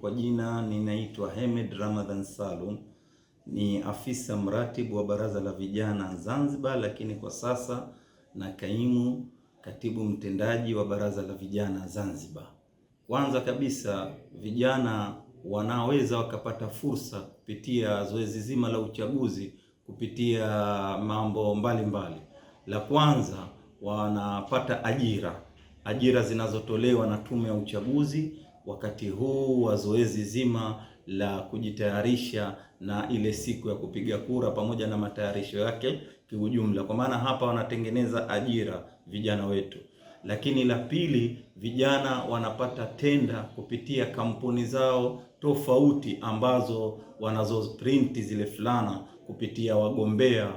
Kwa jina ninaitwa Hemed Ramadhan Salum, ni afisa mratibu wa Baraza la Vijana Zanzibar, lakini kwa sasa na kaimu katibu mtendaji wa Baraza la Vijana Zanzibar. Kwanza kabisa, vijana wanaweza wakapata fursa kupitia zoezi zima la uchaguzi kupitia mambo mbalimbali mbali. La kwanza wanapata ajira, ajira zinazotolewa na Tume ya Uchaguzi wakati huu wa zoezi zima la kujitayarisha na ile siku ya kupiga kura pamoja na matayarisho yake kiujumla, kwa maana hapa wanatengeneza ajira vijana wetu, lakini la pili, vijana wanapata tenda kupitia kampuni zao tofauti ambazo wanazoprinti zile fulana kupitia wagombea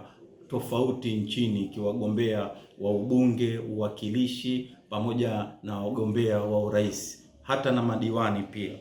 tofauti nchini, ikiwagombea wa ubunge, uwakilishi pamoja na wagombea wa urais hata na madiwani pia.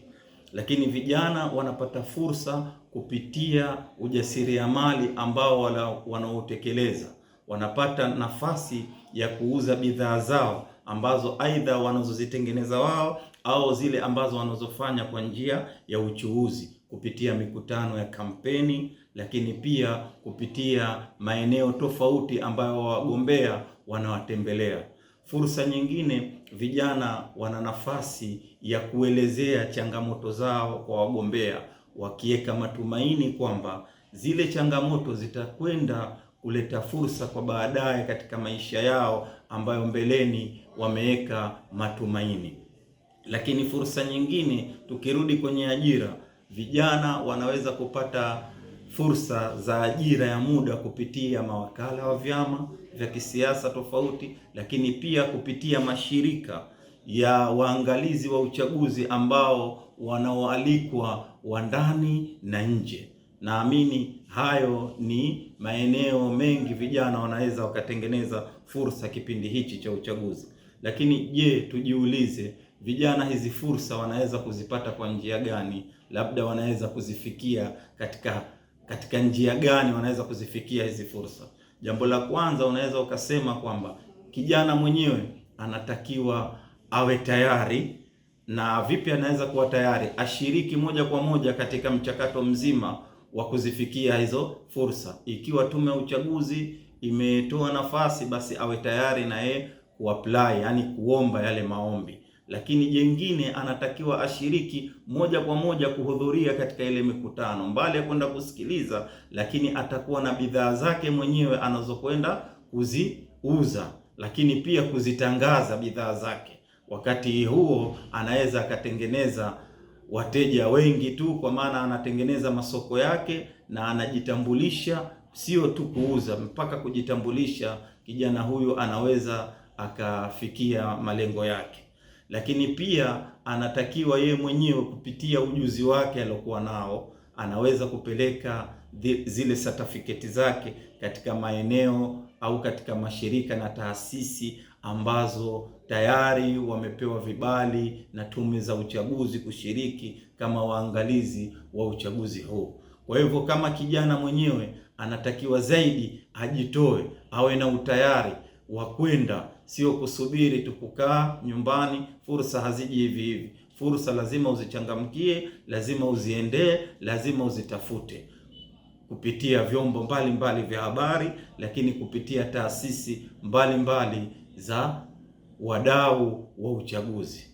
Lakini vijana wanapata fursa kupitia ujasiriamali ambao wanaotekeleza, wanapata nafasi ya kuuza bidhaa zao ambazo aidha wanazozitengeneza wao au zile ambazo wanazofanya kwa njia ya uchuuzi kupitia mikutano ya kampeni, lakini pia kupitia maeneo tofauti ambayo wagombea wanawatembelea fursa nyingine, vijana wana nafasi ya kuelezea changamoto zao kwa wagombea, wakiweka matumaini kwamba zile changamoto zitakwenda kuleta fursa kwa baadaye katika maisha yao ambayo mbeleni wameweka matumaini. Lakini fursa nyingine, tukirudi kwenye ajira, vijana wanaweza kupata fursa za ajira ya muda kupitia mawakala wa vyama vya kisiasa tofauti, lakini pia kupitia mashirika ya waangalizi wa uchaguzi ambao wanaoalikwa wa ndani na nje. Naamini hayo ni maeneo mengi vijana wanaweza wakatengeneza fursa kipindi hichi cha uchaguzi. Lakini je, tujiulize, vijana hizi fursa wanaweza kuzipata kwa njia gani? Labda wanaweza kuzifikia katika katika njia gani wanaweza kuzifikia hizi fursa. Jambo la kwanza, unaweza ukasema kwamba kijana mwenyewe anatakiwa awe tayari. Na vipi anaweza kuwa tayari? Ashiriki moja kwa moja katika mchakato mzima wa kuzifikia hizo fursa. Ikiwa tume ya uchaguzi imetoa nafasi, basi awe tayari na yeye kuapply, yani kuomba yale maombi lakini jengine anatakiwa ashiriki moja kwa moja kuhudhuria katika ile mikutano, mbali ya kwenda kusikiliza, lakini atakuwa na bidhaa zake mwenyewe anazokwenda kuziuza, lakini pia kuzitangaza bidhaa zake. Wakati huo anaweza akatengeneza wateja wengi tu, kwa maana anatengeneza masoko yake na anajitambulisha, sio tu kuuza, mpaka kujitambulisha. Kijana huyu anaweza akafikia malengo yake lakini pia anatakiwa yeye mwenyewe kupitia ujuzi wake aliokuwa nao anaweza kupeleka zile certificate zake katika maeneo au katika mashirika na taasisi ambazo tayari wamepewa vibali na tume za uchaguzi kushiriki kama waangalizi wa uchaguzi huu. Kwa hivyo, kama kijana mwenyewe anatakiwa zaidi ajitoe, awe na utayari wa kwenda, sio kusubiri tu kukaa nyumbani. Fursa haziji hivi hivi, fursa lazima uzichangamkie, lazima uziendee, lazima uzitafute kupitia vyombo mbalimbali vya habari, lakini kupitia taasisi mbalimbali mbali za wadau wa uchaguzi.